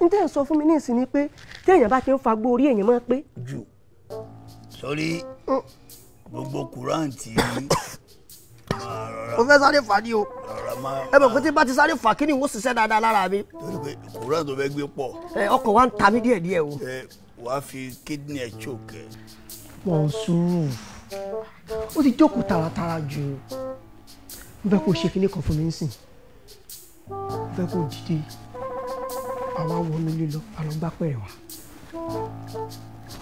n tẹ́ ń sọ fún mi ní ìsìn ni pé tí èèyàn bá ti ń fagbó orí èèyàn máa pé. jù sórí mm. gbogbo kùráǹtì mo fẹ́ sáré fà ní o ẹ mọ̀ pé tí bá ti sáré fà kí ni n ó ṣiṣẹ́ dáadáa lára mi. torí pé kùráǹtì tó fẹ́ gbé pọ̀. ọkọ̀ wa ń ta mí díẹ̀díẹ̀ o. wàá fi kídìní ẹ̀ chokẹ́. wọ́n sùúrù ó ti jókòó tààràtààrà jù n fẹ́ kó ṣe kinní kan fún mi ń sìn n fẹ́ kó dìde àwa wọnú lílọ àlọ́gbá pẹ̀rẹ̀ wá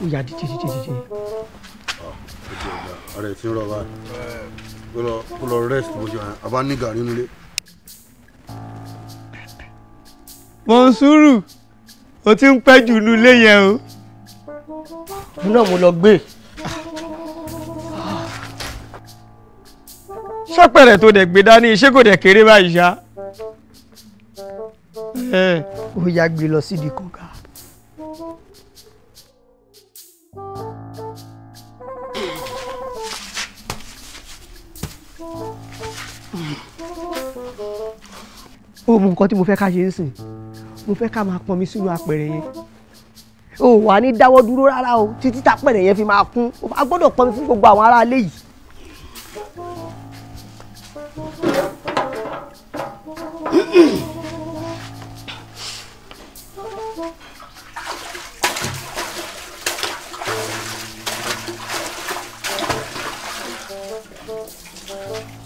ó yà dìde dìde dìde. Ah, ọ̀rẹ́ ti ń rọ bá kó lọ rest bó ṣe àbá ní gàrí nílé. mọ̀nsúrù o ti ń pẹ́ jù nílé yẹn o. mo náà mo lọ gbé. ṣọ́pẹ̀rẹ̀ tó dẹ̀ gbé dání iṣẹ́ kò dẹ̀ kéré báyìí ṣá ó yá gbé lọ sídìí kànga. ó mú nǹkan tí mo fẹ́ ká ṣe ń sìn mo fẹ́ ká máa pọnmi sínú apẹ̀rẹ̀ yẹn o wà ní dáwọ́ dúró rárá o títí tapẹ̀rẹ̀ yẹn fi máa kún o máa gbọ́dọ̀ pọnmi fún gbogbo àwọn aráalé yìí. Mm-mm. Thank you.